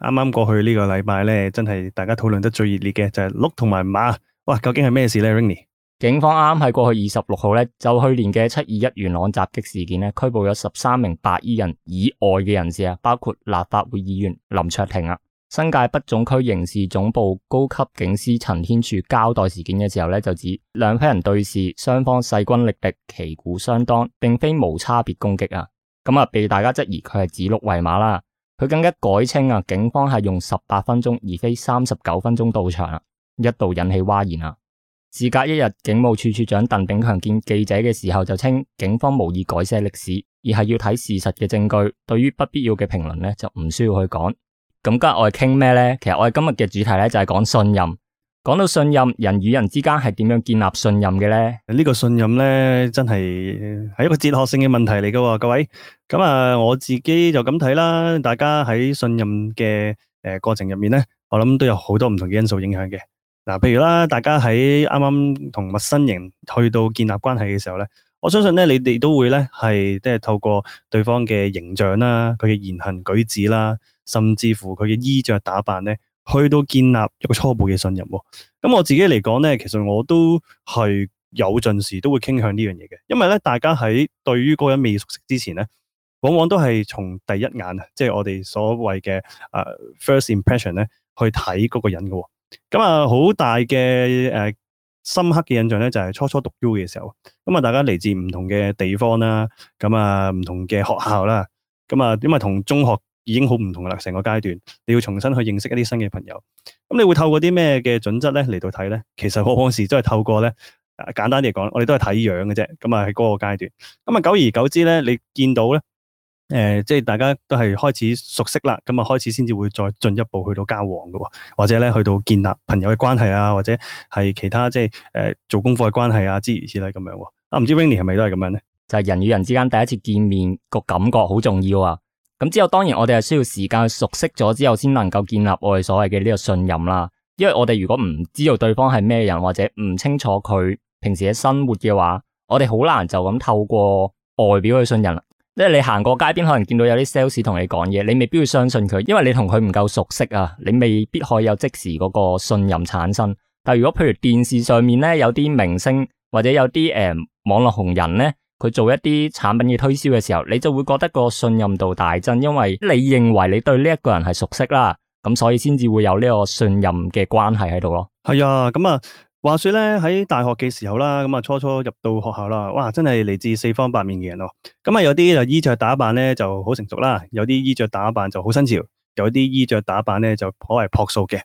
啱啱過去呢個禮拜咧，真係大家討論得最熱烈嘅就係、是、鹿同埋馬，哇！究竟係咩事咧？Rainy，警方啱啱喺過去二十六號咧，就去年嘅七二一元朗襲擊事件咧，拘捕咗十三名白衣人以外嘅人士啊，包括立法會議員林卓廷啊，新界北總區刑事總部高級警司陳天柱交代事件嘅時候咧，就指兩批人對峙，雙方勢均力敵，旗鼓相當，並非無差別攻擊啊，咁啊被大家質疑佢係指鹿為馬啦。佢更加改稱啊，警方係用十八分鐘，而非三十九分鐘到場啦、啊，一度引起嘩然啦、啊。自隔一日，警務處處長鄧炳強見記者嘅時候就稱，警方無意改寫歷史，而係要睇事實嘅證據。對於不必要嘅評論呢就唔需要去講。咁今日我哋傾咩呢？其實我哋今日嘅主題呢，就係講信任。講到信任，人與人之間係點樣建立信任嘅咧？呢個信任咧，真係係一個哲學性嘅問題嚟㗎喎。各位，咁啊，我自己就咁睇啦。大家喺信任嘅誒過程入面咧，我諗都有好多唔同嘅因素影響嘅。嗱，譬如啦，大家喺啱啱同陌生人去到建立關係嘅時候咧，我相信咧，你哋都會咧係即係透過對方嘅形象啦、佢嘅言行舉止啦，甚至乎佢嘅衣着打扮咧，去到建立一個初步嘅信任，哦，咁我自己嚟講咧，其實我都係有陣時都會傾向呢樣嘢嘅，因為咧大家喺對於嗰個人未熟悉之前咧，往往都係從第一眼，即、就、係、是、我哋所謂嘅誒、uh, first impression 咧去睇嗰個人嘅，哦。咁啊，好大嘅誒深刻嘅印象咧，就係、是、初初讀 U 嘅時候，咁啊，大家嚟自唔同嘅地方啦，咁啊，唔同嘅學校啦，咁啊，因為同中學。已經好唔同啦，成個階段你要重新去認識一啲新嘅朋友。咁你會透過啲咩嘅準則咧嚟到睇咧？其實我嗰時都係透過咧，簡單啲嚟講，我哋都係睇樣嘅啫。咁啊喺嗰個階段，咁啊久而久之咧，你見到咧，誒、呃，即係大家都係開始熟悉啦，咁啊開始先至會再進一步去到交往嘅，或者咧去到建立朋友嘅關係啊，或者係其他即係誒、呃、做功課嘅關係啊，之如此類咁樣。啊，唔知 Rainy 係咪都係咁樣咧？就係人與人之間第一次見面個感覺好重要啊！咁之後，當然我哋係需要時間去熟悉咗之後，先能夠建立我哋所謂嘅呢個信任啦。因為我哋如果唔知道對方係咩人，或者唔清楚佢平時嘅生活嘅話，我哋好難就咁透過外表去信任啦。即係你行過街邊，可能見到有啲 sales 同你講嘢，你未必會相信佢，因為你同佢唔夠熟悉啊，你未必可以有即時嗰個信任產生。但如果譬如電視上面咧，有啲明星或者有啲誒、呃、網絡紅人咧，佢做一啲產品嘅推銷嘅時候，你就會覺得個信任度大增，因為你認為你對呢一個人係熟悉啦，咁所以先至會有呢個信任嘅關係喺度咯。係啊，咁、嗯、啊，話說呢，喺大學嘅時候啦，咁、嗯、啊初初入到學校啦，哇，真係嚟自四方八面嘅人哦。咁、嗯、啊、嗯，有啲就衣着打扮呢就好成熟啦，有啲衣着打扮就好新潮，有啲衣着打扮呢就頗為樸素嘅。咁、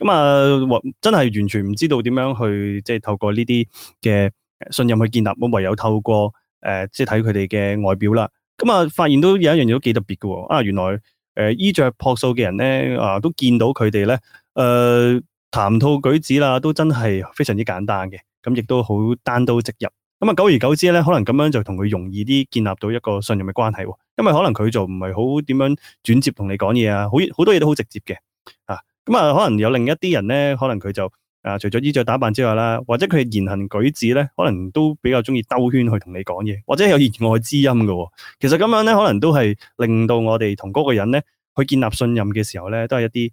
嗯、啊、嗯嗯，真係完全唔知道點樣去即係透過呢啲嘅信任去建立，我唯有透過。誒、呃，即係睇佢哋嘅外表啦，咁、嗯、啊，發現都有一樣嘢都幾特別嘅、哦，啊，原來誒衣、呃、着樸素嘅人咧，啊，都見到佢哋咧，誒、呃，談吐舉止啦，都真係非常之簡單嘅，咁、嗯、亦都好單刀直入。咁、嗯、啊，久而久之咧，可能咁樣就同佢容易啲建立到一個信任嘅關係、哦，因為可能佢就唔係好點樣轉接同你講嘢啊，好好多嘢都好直接嘅，啊，咁、嗯、啊、嗯，可能有另一啲人咧，可能佢就。啊，除咗衣着打扮之外啦，或者佢言行舉止咧，可能都比較中意兜圈去同你講嘢，或者有言外之音嘅，哦。其實咁樣咧，可能都係令到我哋同嗰個人咧去建立信任嘅時候咧，都係一啲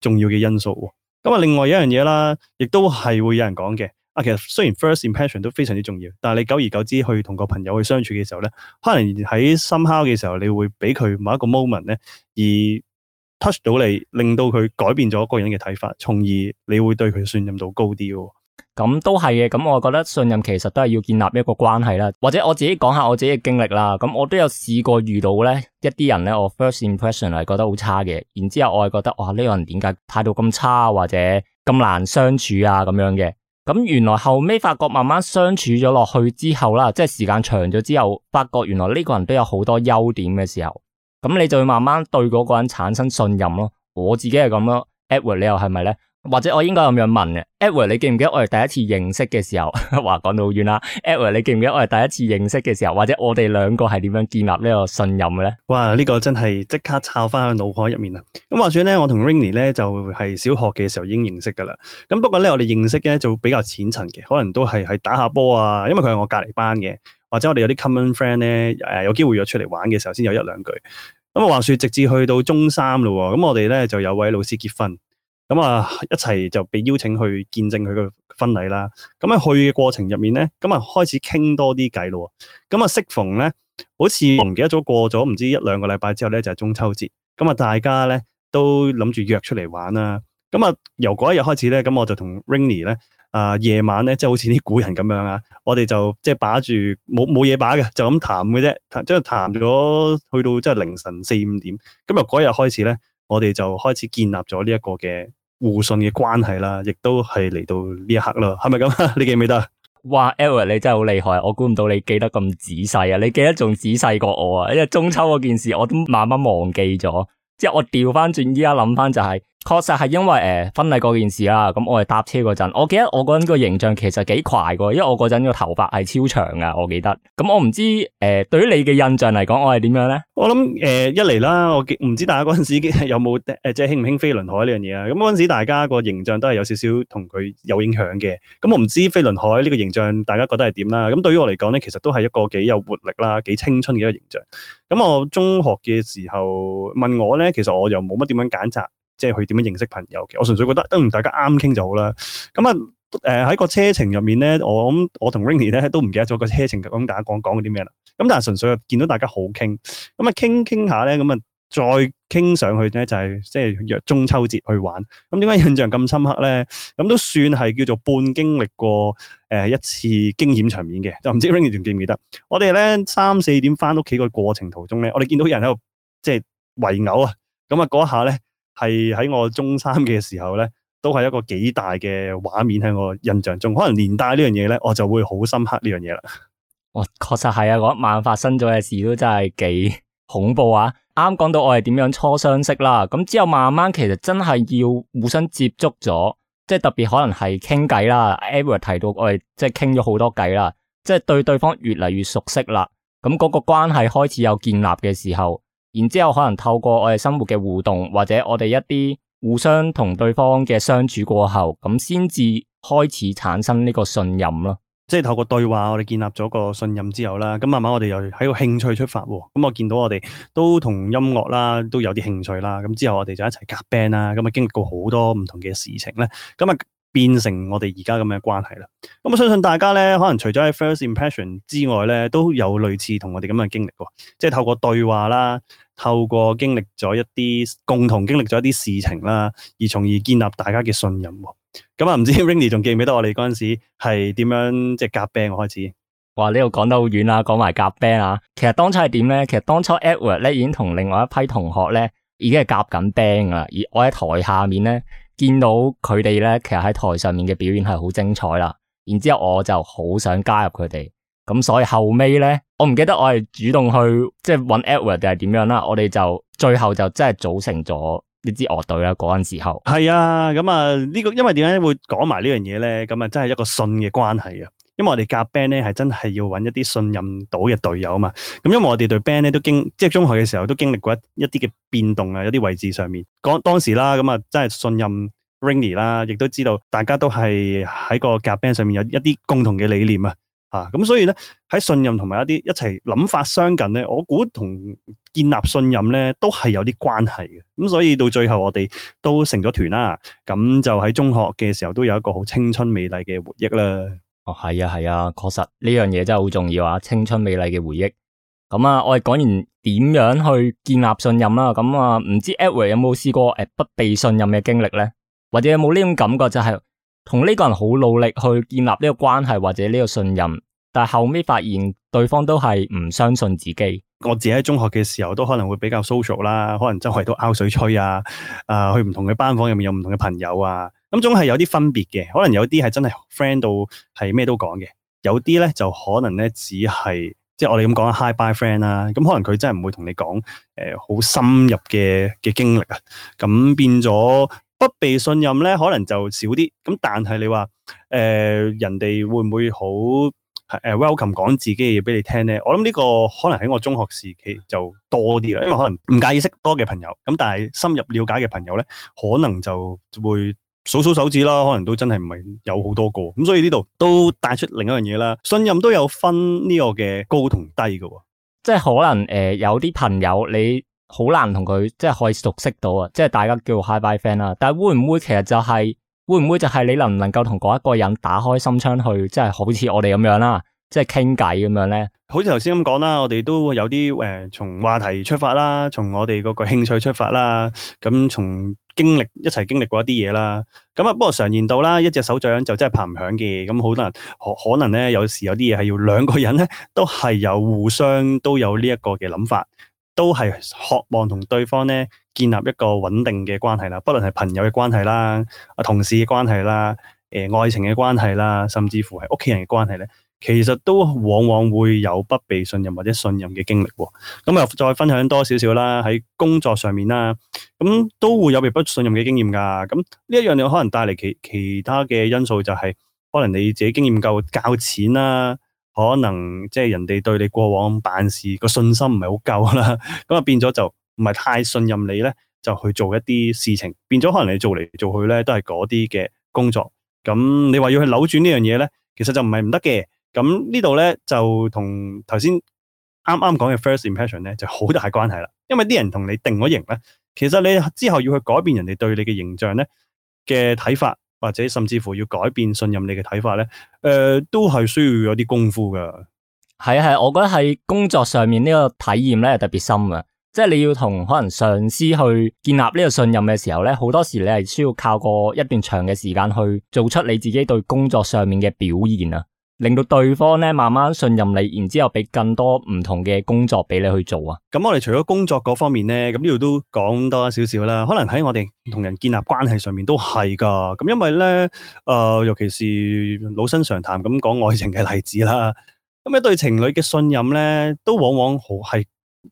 重要嘅因素。咁啊，另外一樣嘢啦，亦都係會有人講嘅。啊，其實雖然 first impression 都非常之重要，但係你久而久之去同個朋友去相處嘅時候咧，可能喺深刻嘅時候，你會俾佢某一個 moment 咧而。touch 到你令到佢改變咗個人嘅睇法，從而你會對佢信任度高啲。咁都係嘅，咁、嗯、我覺得信任其實都係要建立一個關係啦。或者我自己講下我自己嘅經歷啦。咁、嗯、我都有試過遇到咧一啲人咧，我 first impression 係覺得好差嘅，然之後我係覺得哇呢、呢個人點解態度咁差或者咁難相處啊咁樣嘅。咁、嗯、原來後尾發覺慢慢相處咗落去之後啦，即係時間長咗之後，發覺原來呢個人都有好多優點嘅時候。咁你就會慢慢對嗰個人產生信任咯。我自己係咁咯，Edward 你又係咪呢？或者我應該咁樣問嘅，Edward 你記唔記得我哋第一次認識嘅時候？話講到好遠啦，Edward 你記唔記得我哋第一次認識嘅時候，或者我哋兩個係點樣建立呢個信任嘅呢？哇！呢、這個真係即刻炒翻喺腦海入面啦。咁話說呢，我同 Rainy 咧就係、是、小學嘅時候已經認識噶啦。咁不過呢，我哋認識咧就比較淺層嘅，可能都係係打下波啊，因為佢係我隔籬班嘅。或者我哋有啲 common friend 咧，誒，有機會約出嚟玩嘅時候，先有一兩句。咁啊，話說直至去到中三咯，咁我哋咧就有位老師結婚，咁啊一齊就被邀請去見證佢嘅婚禮啦。咁啊去嘅過程入面咧，咁啊開始傾多啲偈咯。咁啊適逢咧，好似唔記得咗過咗唔知一兩個禮拜之後咧，就係、是、中秋節。咁啊大家咧都諗住約出嚟玩啦。咁啊由嗰一日開始咧，咁我就同 Rainy 咧。啊、呃，夜晚咧，即係好似啲古人咁樣啊，我哋就即係把住冇冇嘢把嘅，就咁談嘅啫，即係談咗去到即係凌晨四五點，咁由嗰日開始咧，我哋就開始建立咗呢一個嘅互信嘅關係啦，亦都係嚟到呢一刻啦，係咪咁啊？ 你記唔記得？哇 Edward 你真係好厲害，我估唔到你記得咁仔細啊，你記得仲仔細過我啊，因為中秋嗰件事我都慢慢忘記咗，即係我調翻轉依家諗翻就係、是。確實係因為誒婚禮嗰件事啦，咁我係搭車嗰陣，我記得我嗰陣個形象其實幾快嘅，因為我嗰陣個頭髮係超長噶，我記得。咁我唔知誒、呃、對於你嘅印象嚟講，我係點樣咧、呃？我諗誒一嚟啦，我唔知大家嗰陣時有冇誒即係興唔興飛輪海呢樣嘢啊？咁嗰陣時大家個形象都係有少少同佢有影響嘅。咁我唔知飛輪海呢個形象大家覺得係點啦？咁對於我嚟講咧，其實都係一個幾有活力啦，幾青春嘅一個形象。咁我中學嘅時候問我咧，其實我又冇乜點樣揀擇。即係佢點樣認識朋友嘅？我純粹覺得都唔，大家啱傾就好啦。咁啊，誒喺個車程入面咧，我我同 Rainy 咧都唔記得咗個車程大家講講嗰啲咩啦。咁但係純粹見到大家好傾，咁啊傾傾下咧，咁啊再傾上去咧，就係即係約中秋節去玩。咁點解印象咁深刻咧？咁都算係叫做半經歷過誒一次驚險場面嘅。就唔知 Rainy 仲記唔記得？我哋咧三四點翻屋企個過程途中咧，我哋見到有人喺度即係圍毆啊！咁啊嗰一下咧～係喺我中三嘅時候咧，都係一個幾大嘅畫面喺我印象中。可能年代呢樣嘢咧，我就會好深刻呢樣嘢啦。哇、哦，確實係啊，嗰一晚發生咗嘅事都真係幾恐怖啊！啱講到我係點樣初相識啦，咁之後慢慢其實真係要互相接觸咗，即係特別可能係傾偈啦。Edward 提到我哋即係傾咗好多偈啦，即係對對方越嚟越熟悉啦。咁嗰個關係開始有建立嘅時候。然之後可能透過我哋生活嘅互動，或者我哋一啲互相同對方嘅相處過後，咁先至開始產生呢個信任咯。即係透過對話，我哋建立咗個信任之後啦。咁慢慢我哋又喺個興趣出發，咁我見到我哋都同音樂啦都有啲興趣啦。咁之後我哋就一齊夾 band 啦。咁啊經歷過好多唔同嘅事情咧。咁啊。變成我哋而家咁嘅關係啦。咁我相信大家咧，可能除咗喺 first impression 之外咧，都有類似同我哋咁嘅經歷，哦，即係透過對話啦，透過經歷咗一啲共同經歷咗一啲事情啦，而從而建立大家嘅信任。咁、嗯、啊，唔知 Rainy 仲記唔記得我哋嗰陣時係點樣即係夾 band 開始？哇！呢度講得好遠啦，講埋夾 band 啊！其實當初係點咧？其實當初 Edward 咧已經同另外一批同學咧已經係夾緊 band 啦，而我喺台下面咧。見到佢哋咧，其實喺台上面嘅表演係好精彩啦。然之後我就好想加入佢哋，咁所以後尾咧，我唔記得我係主動去即係搵 Edward 定係點樣啦。我哋就最後就即係組成咗呢支樂隊啦。嗰陣時候係啊，咁啊呢個因為點解會講埋呢樣嘢咧？咁啊真係一個信嘅關係啊。因為我哋夾 band 咧，係真係要揾一啲信任到嘅隊友嘛。咁因為我哋對 band 咧都經，即係中學嘅時候都經歷過一一啲嘅變動啊，一啲位置上面。當當時啦，咁啊真係信任 Rainy 啦，亦都知道大家都係喺個夾 band 上面有一啲共同嘅理念啊。吓，咁所以咧喺信任同埋一啲一齊諗法相近咧，我估同建立信任咧都係有啲關係嘅。咁所以到最後我哋都成咗團啦，咁就喺中學嘅時候都有一個好青春美麗嘅回憶啦。哦，係啊，係啊，確實呢樣嘢真係好重要啊！青春美麗嘅回憶，咁啊，我哋講完點樣去建立信任啦，咁啊，唔知 Edward 有冇試過誒不被信任嘅經歷咧，或者有冇呢種感覺，就係同呢個人好努力去建立呢個關係或者呢個信任，但係後尾發現對方都係唔相信自己。我自己喺中學嘅時候都可能會比較 social 啦，可能周圍都拗水吹啊，啊，去唔同嘅班房入面有唔同嘅朋友啊。咁總係有啲分別嘅，可能有啲係真係 friend 到係咩都講嘅，有啲呢，就可能呢，只係即係我哋咁講，hi bye friend 啦、啊。咁、嗯、可能佢真係唔會同你講誒好深入嘅嘅經歷啊。咁、嗯、變咗不被信任呢，可能就少啲。咁但係你話誒、呃、人哋會唔會好、uh, welcome 講自己嘅嘢俾你聽呢？我諗呢個可能喺我中學時期就多啲啦，因為可能唔介意識多嘅朋友。咁但係深入了解嘅朋友呢，可能就會。數數手指啦，可能都真係唔係有好多個，咁所以呢度都帶出另一樣嘢啦。信任都有分呢個嘅高同低噶，呃，即係可能誒，有啲朋友你好難同佢即係可以熟悉到啊，即係大家叫 hi bye friend 啦。但係會唔會其實就係、是、會唔會就係你能唔能夠同嗰一個人打開心窗，去，即係好似我哋咁樣啦、啊，即係傾偈咁樣咧？好似頭先咁講啦，我哋都有啲誒，從、呃、話題出發啦，從我哋嗰個興趣出發啦，咁從。經歷一齊經歷過一啲嘢啦，咁啊不過常言道啦，一隻手掌就真係拍唔響嘅，咁好多人可可能咧，有時有啲嘢係要兩個人咧都係有互相都有呢一個嘅諗法，都係渴望同對方咧建立一個穩定嘅關係啦，不論係朋友嘅關係啦、啊同事嘅關係啦、誒愛情嘅關係啦，甚至乎係屋企人嘅關係咧。其實都往往會有不被信任或者信任嘅經歷。哦，咁啊再分享多少少啦，喺工作上面啦，咁都會有被不信任嘅經驗噶。咁呢一樣嘢可能帶嚟其其他嘅因素就係、是，可能你自己經驗夠較淺啦、啊，可能即係人哋對你過往辦事個信心唔係好夠啦，咁啊變咗就唔係太信任你呢，就去做一啲事情，變咗可能你做嚟做去呢，都係嗰啲嘅工作。咁你話要去扭轉呢樣嘢呢，其實就唔係唔得嘅。咁呢度咧就同頭先啱啱講嘅 first impression 咧就好大關係啦。因為啲人同你定咗型咧，其實你之後要去改變人哋對你嘅形象咧嘅睇法，或者甚至乎要改變信任你嘅睇法咧，誒、呃、都係需要有啲功夫噶。係啊，係，我覺得喺工作上面呢個體驗咧係特別深啊。即係你要同可能上司去建立呢個信任嘅時候咧，好多時你係需要靠過一段長嘅時間去做出你自己對工作上面嘅表現啊。令到對方呢慢慢信任你，然之後俾更多唔同嘅工作俾你去做啊！咁我哋除咗工作嗰方面呢，咁呢度都講多咗少少啦。可能喺我哋同人建立關係上面都係噶。咁因為呢，誒、呃，尤其是老生常談咁講愛情嘅例子啦。咁一對情侶嘅信任呢，都往往好係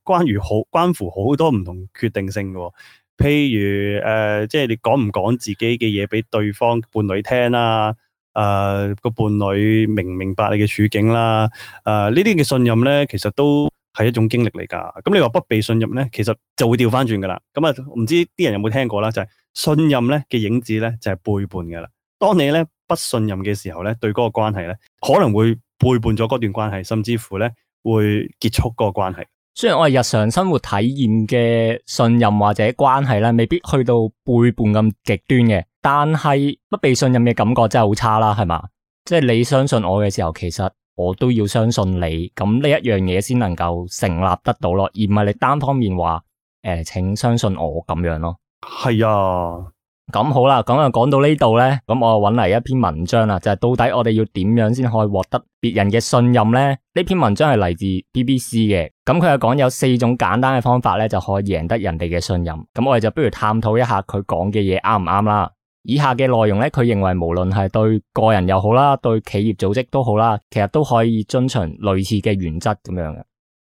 關於好關乎好多唔同的決定性嘅、哦。譬如誒、呃，即係你講唔講自己嘅嘢俾對方伴侶聽啊？誒，個、呃、伴侶明唔明白你嘅處境啦，誒呢啲嘅信任咧，其實都係一種經歷嚟噶。咁、嗯、你話不被信任咧，其實就會調翻轉噶啦。咁、嗯、啊，唔知啲人有冇聽過啦，就係、是、信任咧嘅影子咧就係、是、背叛噶啦。當你咧不信任嘅時候咧，對嗰個關係咧，可能會背叛咗嗰段關係，甚至乎咧會結束嗰個關係。雖然我哋日常生活體驗嘅信任或者關係咧，未必去到背叛咁極端嘅。但係不被信任嘅感覺真係好差啦，係嘛？即係你相信我嘅時候，其實我都要相信你，咁呢一樣嘢先能夠成立得到咯，而唔係你單方面話誒、呃，請相信我咁樣咯。係啊，咁好啦，咁啊講到呢度咧，咁我就搵嚟一篇文章啦，就係到底我哋要點樣先可以獲得別人嘅信任咧？呢篇文章係嚟自 BBC 嘅，咁佢就講有四種簡單嘅方法咧，就可以贏得人哋嘅信任。咁我哋就不如探討一下佢講嘅嘢啱唔啱啦。以下嘅內容呢，佢認為無論係對個人又好啦，對企業組織都好啦，其實都可以遵循類似嘅原則咁樣嘅。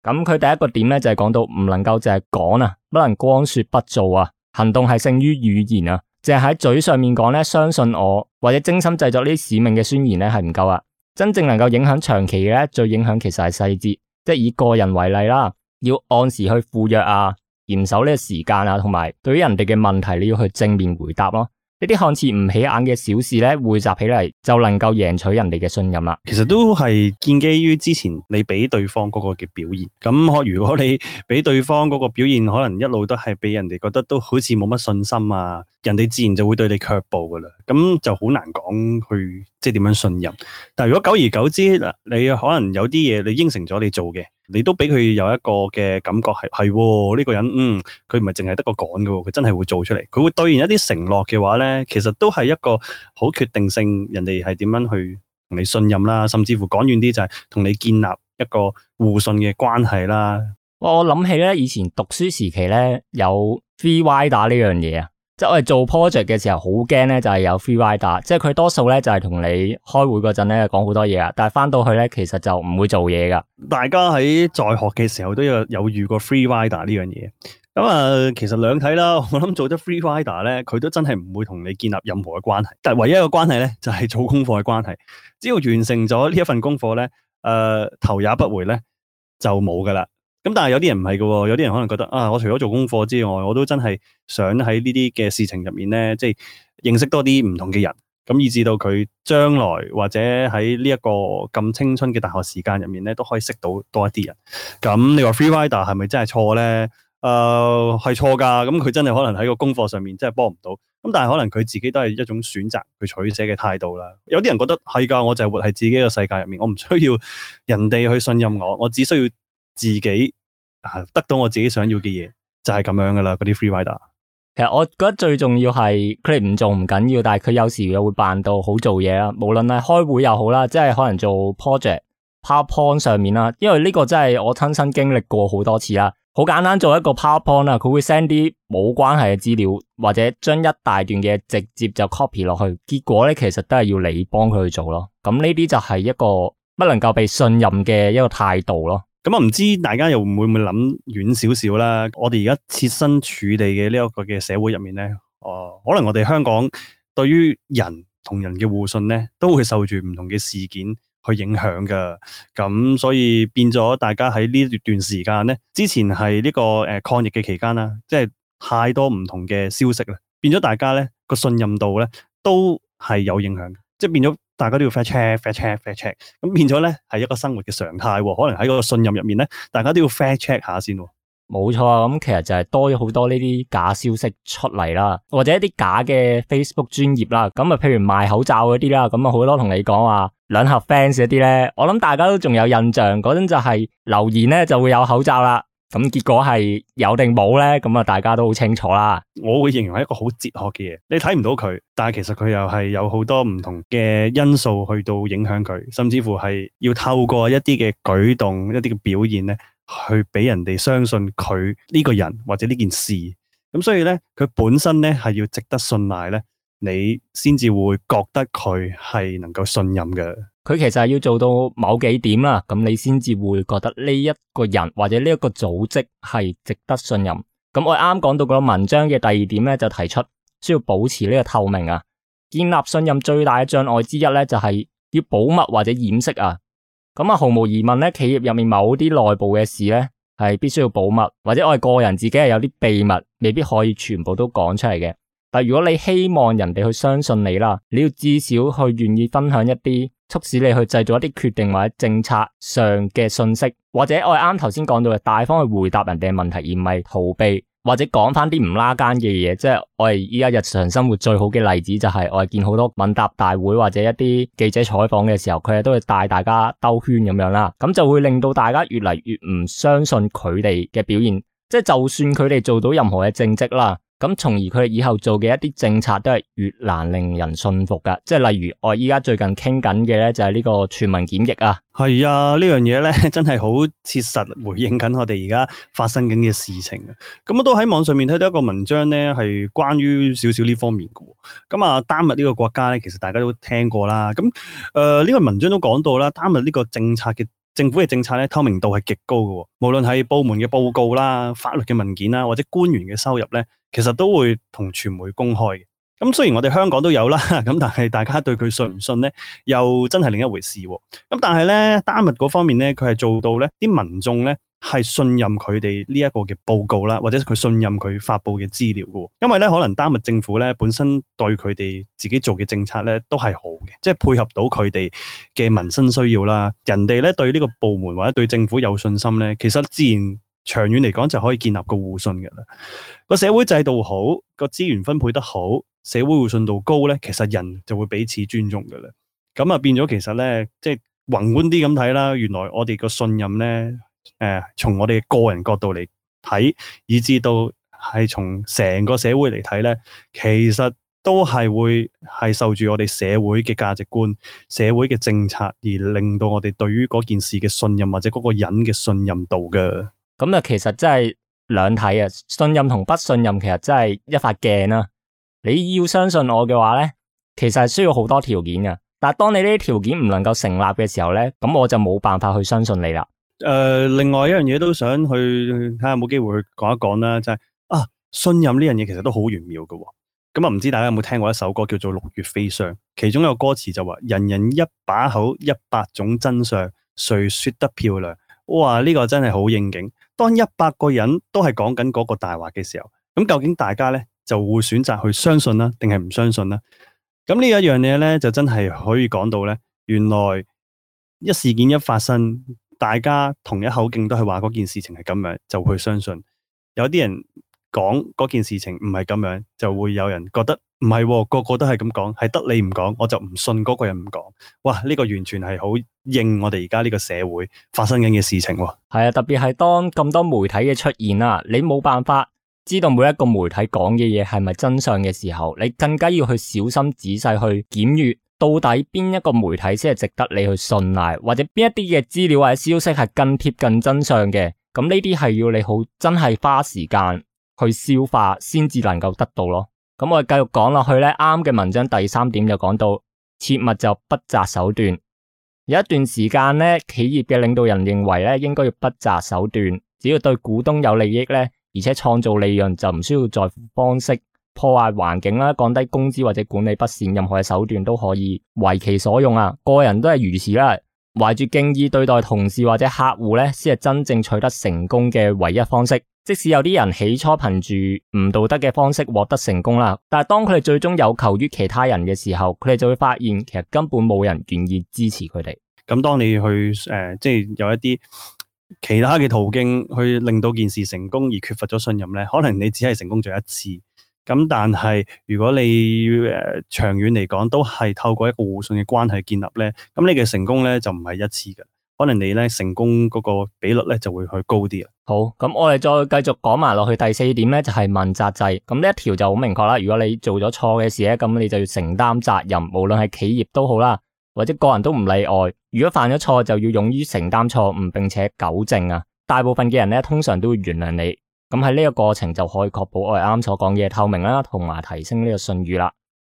咁佢第一個點呢，就係講到唔能夠淨係講啊，不能光說不做啊，行動係勝於語言啊。淨係喺嘴上面講呢，相信我或者精心製作呢啲使命嘅宣言呢，係唔夠啊。真正能夠影響長期嘅呢，最影響其實係細節，即係以個人為例啦，要按時去赴約啊，嚴守呢個時間啊，同埋對於人哋嘅問題你要去正面回答咯。呢啲看似唔起眼嘅小事咧，匯集起嚟，就能夠贏取人哋嘅信任啦。其實都係建基於之前你畀對方嗰個嘅表現。咁可如果你畀對方嗰個表現，可能一路都係畀人哋覺得都好似冇乜信心啊，人哋自然就會對你卻步噶啦。咁就好難講去即係點樣信任。但係如果久而久之，你可能有啲嘢你應承咗你做嘅。你都俾佢有一個嘅感覺係係呢個人，嗯，佢唔係淨係得個講嘅，佢真係會做出嚟。佢會兌現一啲承諾嘅話呢，其實都係一個好決定性，人哋係點樣去同你信任啦，甚至乎講遠啲就係同你建立一個互信嘅關係啦。我我諗起咧，以前讀書時期呢，有 free rider 呢樣嘢啊。即係我哋做 project 嘅時候，好驚咧，就係有 free rider 即係佢多數咧就係同你開會嗰陣咧講好多嘢啊，但係翻到去咧其實就唔會做嘢噶。大家喺在，在學嘅時候都有遇過 free rider 呢樣嘢，咁、嗯、啊、呃，其實兩睇啦，我諗做得 free rider 咧，佢都真係唔會同你建立任何嘅關係，但係唯一嘅關係咧就係、是、做功課嘅關係，只要完成咗呢一份功課咧，誒、呃，頭也不回咧就冇噶啦。但係有啲人唔係嘅，有啲人可能覺得啊，我除咗做功課之外，我都真係想喺呢啲嘅事情入面咧，即係認識多啲唔同嘅人，咁以至到佢將來或者喺呢一個咁青春嘅大學時間入面咧，都可以識到多一啲人。咁、嗯、你話 free rider 係咪真係錯咧？誒係錯㗎，咁佢、嗯、真係可能喺個功課上面真係幫唔到。咁但係可能佢自己都係一種選擇去取捨嘅態度啦。有啲人覺得係㗎，我就係活喺自己嘅世界入面，我唔需要人哋去信任我，我只需要，自己得到我自己想要嘅嘢就係咁樣噶啦。嗰啲 free rider，其實我覺得最重要係佢唔做唔緊要，但係佢有時又會扮到好做嘢啦。無論係開會又好啦，即係可能做 project powerpoint 上面啦，因為呢個真係我親身經歷過好多次啦。好簡單做一個 powerpoint 啊，佢會 send 啲冇關係嘅資料，或者將一大段嘅直接就 copy 落去，結果咧其實都係要你幫佢去做咯。咁呢啲就係一個不能夠被信任嘅一個態度咯。咁我唔知大家又會唔會諗遠少少啦？我哋而家設身處地嘅呢一個嘅社會入面咧，哦、呃，可能我哋香港對於人同人嘅互信咧，都會受住唔同嘅事件去影響嘅。咁所以變咗大家喺呢段時間咧，之前係呢個誒抗疫嘅期間啦，即係太多唔同嘅消息啦，變咗大家咧，個信任度咧，都係有影響，即係變咗。大家都要 fact check，fact check，fact check，咁 check, check, 變咗咧係一個生活嘅常態喎。可能喺個信任入面咧，大家都要 fact check 下先。冇錯，咁其實就係多咗好多呢啲假消息出嚟啦，或者一啲假嘅 Facebook 專頁啦，咁啊，譬如賣口罩嗰啲啦，咁啊好多同你講話兩盒 fans 一啲咧，我諗大家都仲有印象，嗰陣就係留言咧就會有口罩啦。咁結果係有定冇咧？咁啊，大家都好清楚啦。我會形容係一個好哲學嘅嘢，你睇唔到佢，但係其實佢又係有好多唔同嘅因素去到影響佢，甚至乎係要透過一啲嘅舉動、一啲嘅表現咧，去俾人哋相信佢呢個人或者呢件事。咁所以咧，佢本身咧係要值得信賴咧。你先至會覺得佢係能夠信任嘅，佢其實係要做到某幾點啦，咁你先至會覺得呢一個人或者呢一個組織係值得信任。咁我啱講到個文章嘅第二點咧，就提出需要保持呢個透明啊。建立信任最大嘅障礙之一咧，就係要保密或者掩飾啊。咁啊，毫無疑問咧，企業入面某啲內部嘅事咧，係必須要保密，或者我係個人自己係有啲秘密，未必可以全部都講出嚟嘅。但如果你希望人哋去相信你啦，你要至少去願意分享一啲促使你去製造一啲決定或者政策上嘅信息，或者我哋啱頭先講到嘅大方去回答人哋嘅問題，而唔係逃避或者講翻啲唔拉更嘅嘢。即係我哋依家日常生活最好嘅例子就係我哋見好多問答大會或者一啲記者採訪嘅時候，佢哋都會帶大家兜圈咁樣啦，咁就會令到大家越嚟越唔相信佢哋嘅表現，即係就算佢哋做到任何嘅政績啦。咁，從而佢哋以後做嘅一啲政策都係越難令人信服噶。即係例如，我而家最近傾緊嘅咧，就係呢個全民檢疫啊。係啊，呢樣嘢咧真係好切實回應緊我哋而家發生緊嘅事情。咁我都喺網上面睇到一個文章咧，係關於少少呢方面嘅。咁啊，丹麥呢個國家咧，其實大家都聽過啦。咁，誒、呃、呢個文章都講到啦，丹麥呢個政策嘅。政府嘅政策呢，透明度係極高嘅，無論係部門嘅報告啦、法律嘅文件啦，或者官員嘅收入呢，其實都會同傳媒公開嘅。咁雖然我哋香港都有啦，咁但係大家對佢信唔信呢，又真係另一回事喎。咁但係呢，丹麥嗰方面呢，佢係做到呢，啲民眾呢。係信任佢哋呢一個嘅報告啦，或者係佢信任佢發佈嘅資料嘅，因為咧可能丹麥政府咧本身對佢哋自己做嘅政策咧都係好嘅，即係配合到佢哋嘅民生需要啦。人哋咧對呢個部門或者對政府有信心咧，其實自然長遠嚟講就可以建立個互信嘅啦。個社會制度好，個資源分配得好，社會互信度高咧，其實人就會彼此尊重嘅啦。咁啊變咗其實咧，即係宏觀啲咁睇啦，原來我哋個信任咧。誒，從我哋個人角度嚟睇，以至到係從成個社會嚟睇咧，其實都係會係受住我哋社會嘅價值觀、社會嘅政策而令到我哋對於嗰件事嘅信任或者嗰個人嘅信任度嘅。咁啊，其實真係兩睇啊，信任同不信任其實真係一發鏡啦、啊。你要相信我嘅話咧，其實係需要好多條件嘅。但係當你呢啲條件唔能夠成立嘅時候咧，咁我就冇辦法去相信你啦。誒、呃，另外一樣嘢都想去睇下，有冇機會去講一講啦，就係啊，信任呢樣嘢其實都好玄妙嘅、哦。咁、嗯、啊，唔知大家有冇聽過一首歌叫做《六月飛霜》，其中一個歌詞就話：人人一把口，一百種真相，誰說得漂亮？哇，呢、這個真係好應景。當一百個人都係講緊嗰個大話嘅時候，咁、嗯、究竟大家咧就會選擇去相信啦、啊，定係唔相信啦、啊？咁、嗯、呢一樣嘢咧，就真係可以講到咧，原來一事件一發生。大家同一口徑都係話嗰件事情係咁樣，就會相信有啲人講嗰件事情唔係咁樣，就會有人覺得唔係，哦，個個都係咁講，係得你唔講，我就唔信嗰個人唔講。哇！呢個完全係好應我哋而家呢個社會發生緊嘅事情喎。係啊，特別係當咁多媒體嘅出現啦，你冇辦法知道每一個媒體講嘅嘢係咪真相嘅時候，你更加要去小心仔細去檢閲。到底邊一個媒體先係值得你去信賴，或者邊一啲嘅資料或者消息係更貼近真相嘅？咁呢啲係要你好真係花時間去消化，先至能夠得到咯。咁我哋繼續講落去呢，啱嘅文章第三點就講到，切勿就不擇手段。有一段時間呢，企業嘅領導人認為呢，應該要不擇手段，只要對股東有利益呢，而且創造利潤就唔需要在乎方式。破壞環境啦，降低工資或者管理不善，任何嘅手段都可以為其所用啊！個人都係如此啦，懷住敬意對待同事或者客戶咧，先係真正取得成功嘅唯一方式。即使有啲人起初憑住唔道德嘅方式獲得成功啦，但係當佢哋最終有求於其他人嘅時候，佢哋就會發現其實根本冇人願意支持佢哋。咁當你去誒，即係有一啲其他嘅途徑去令到件事成功而缺乏咗信任咧，可能你只係成功咗一次。咁但係如果你誒、呃、長遠嚟講，都係透過一個互信嘅關係建立咧，咁你嘅成功咧就唔係一次嘅，可能你咧成功嗰個比率咧就會去高啲啊。好，咁我哋再繼續講埋落去第四點咧，就係、是、問責制。咁呢一條就好明確啦。如果你做咗錯嘅事咧，咁你就要承擔責任，無論係企業都好啦，或者個人都唔例外。如果犯咗錯，就要勇於承擔錯誤，並且糾正啊。大部分嘅人咧，通常都會原諒你。咁喺呢個過程就可以確保我哋啱啱所講嘅透明啦，同埋提升呢個信譽啦。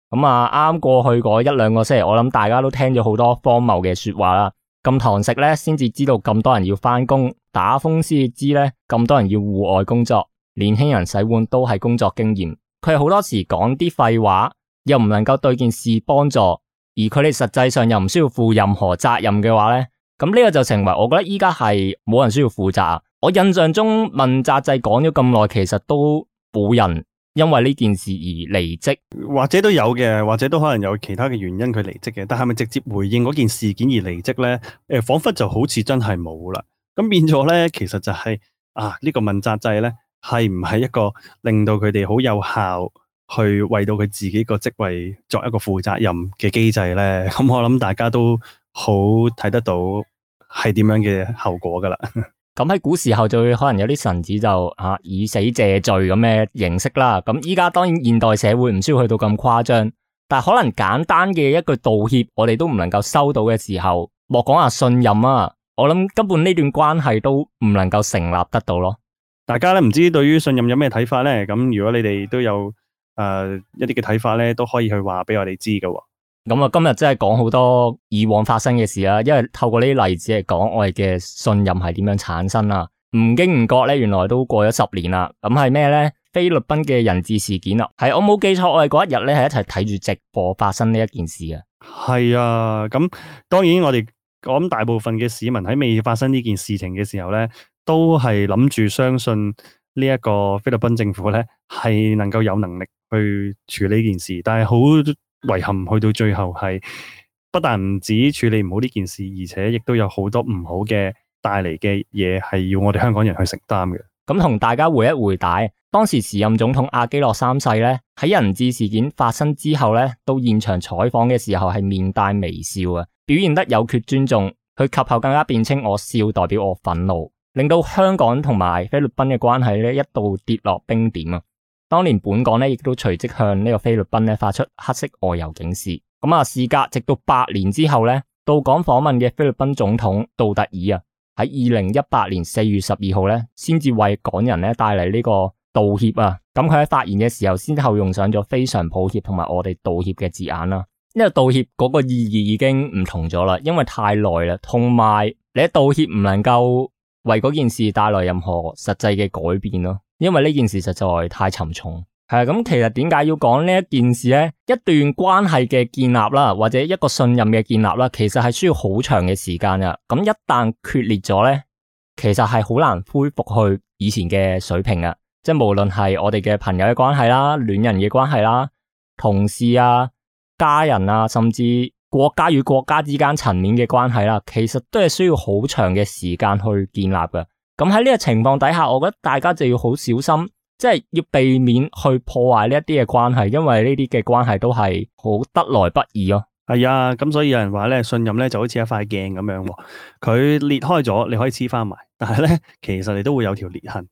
咁啊，啱啱過去嗰一兩個星期，我諗大家都聽咗好多荒謬嘅説話啦。咁堂食咧，先至知道咁多人要翻工，打風先知咧，咁多人要戶外工作，年輕人洗碗都係工作經驗。佢好多時講啲廢話，又唔能夠對件事幫助，而佢哋實際上又唔需要負任何責任嘅話咧，咁呢個就成為我覺得而家係冇人需要負責。我印象中，問責制講咗咁耐，其實都冇人因為呢件事而離職，或者都有嘅，或者都可能有其他嘅原因佢離職嘅。但係咪直接回應嗰件事件而離職咧？誒、呃，仿佛就好似真係冇啦。咁變咗咧，其實就係、是、啊，呢、這個問責制咧係唔係一個令到佢哋好有效去為到佢自己個職位作一個負責任嘅機制咧？咁、嗯、我諗大家都好睇得到係點樣嘅後果噶啦。咁喺古時候就會可能有啲臣子就啊以死謝罪咁嘅形式啦。咁而家當然現代社會唔需要去到咁誇張，但係可能簡單嘅一句道歉，我哋都唔能夠收到嘅時候，莫講話信任啊，我諗根本呢段關係都唔能夠成立得到咯。大家咧唔知對於信任有咩睇法咧？咁如果你哋都有誒、呃、一啲嘅睇法咧，都可以去話俾我哋知嘅喎。咁啊，今日真係講好多以往發生嘅事啊。因為透過呢啲例子嚟講，我哋嘅信任係點樣產生啦？唔經唔覺咧，原來都過咗十年啦。咁係咩咧？菲律賓嘅人質事件啊。係，我冇記錯我，我哋嗰一日咧係一齊睇住直播發生呢一件事啊。係啊，咁當然我哋諗大部分嘅市民喺未發生呢件事情嘅時候咧，都係諗住相信呢一個菲律賓政府咧係能夠有能力去處理呢件事，但係好遺憾去到最後係不但唔止處理唔好呢件事，而且亦都有好多唔好嘅帶嚟嘅嘢，係要我哋香港人去承擔嘅。咁同大家回一回帶，當時時任總統阿基諾三世呢，喺人質事件發生之後呢，到現場採訪嘅時候係面帶微笑啊，表現得有缺尊重。佢及後更加辯稱我笑代表我憤怒，令到香港同埋菲律賓嘅關係呢，一度跌落冰點啊！當年本港咧亦都隨即向呢個菲律賓咧發出黑色外遊警示。咁啊，事隔直到八年之後咧，到港訪問嘅菲律賓總統杜特爾啊，喺二零一八年四月十二號咧，先至為港人咧帶嚟呢個道歉啊。咁佢喺發言嘅時候，先後用上咗非常抱歉同埋我哋道歉嘅字眼啦。啊，因為道歉嗰個意義已經唔同咗啦，因為太耐啦，同埋你道歉唔能夠為嗰件事帶來任何實際嘅改變咯啊。因為呢件事實在太沉重，係啊，咁其實點解要講呢一件事咧？一段關係嘅建立啦，或者一個信任嘅建立啦，其實係需要好長嘅時間噶。咁一旦決裂咗咧，其實係好難恢復去以前嘅水平噶。即係無論係我哋嘅朋友嘅關係啦、戀人嘅關係啦、同事啊、家人啊，甚至國家與國家之間層面嘅關係啦，其實都係需要好長嘅時間去建立噶。咁喺呢個情況底下，我覺得大家就要好小心，即係要避免去破壞呢一啲嘅關係，因為呢啲嘅關係都係好得來不易咯。係啊、哎，咁所以有人話咧，信任咧就好似一塊鏡咁樣，佢裂開咗，你可以黐翻埋，但係咧其實你都會有條裂痕。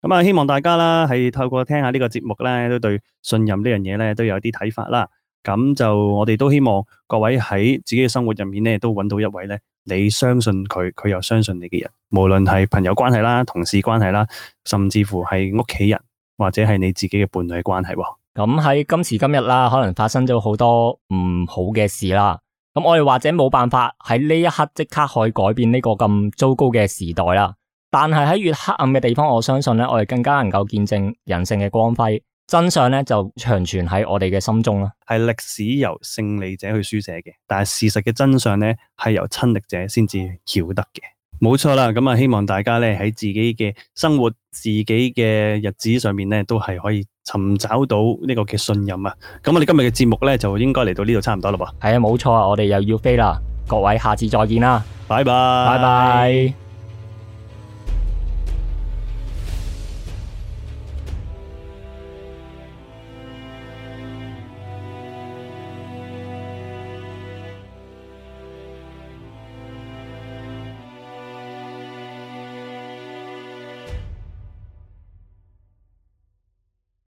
咁、嗯、啊，希望大家啦，係透過聽下呢個節目咧，都對信任呢樣嘢咧都有啲睇法啦。咁就我哋都希望各位喺自己嘅生活入面咧，都揾到一位咧。你相信佢，佢又相信你嘅人，無論係朋友關係啦、同事關係啦，甚至乎係屋企人或者係你自己嘅伴侶關係，咁喺今時今日啦，可能發生咗好多唔好嘅事啦。咁我哋或者冇辦法喺呢一刻即刻可以改變呢個咁糟糕嘅時代啦。但係喺越黑暗嘅地方，我相信咧，我哋更加能夠見證人性嘅光輝。真相呢就長存喺我哋嘅心中啦，係歷史由勝利者去書寫嘅，但係事實嘅真相呢係由親歷者先至曉得嘅。冇錯啦，咁啊希望大家呢喺自己嘅生活、自己嘅日子上面呢，都係可以尋找到呢個嘅信任啊。咁我哋今日嘅節目呢，就應該嚟到呢度差唔多啦噃。係啊，冇錯，我哋又要飛啦，各位下次再見啦，拜拜 bye，拜拜。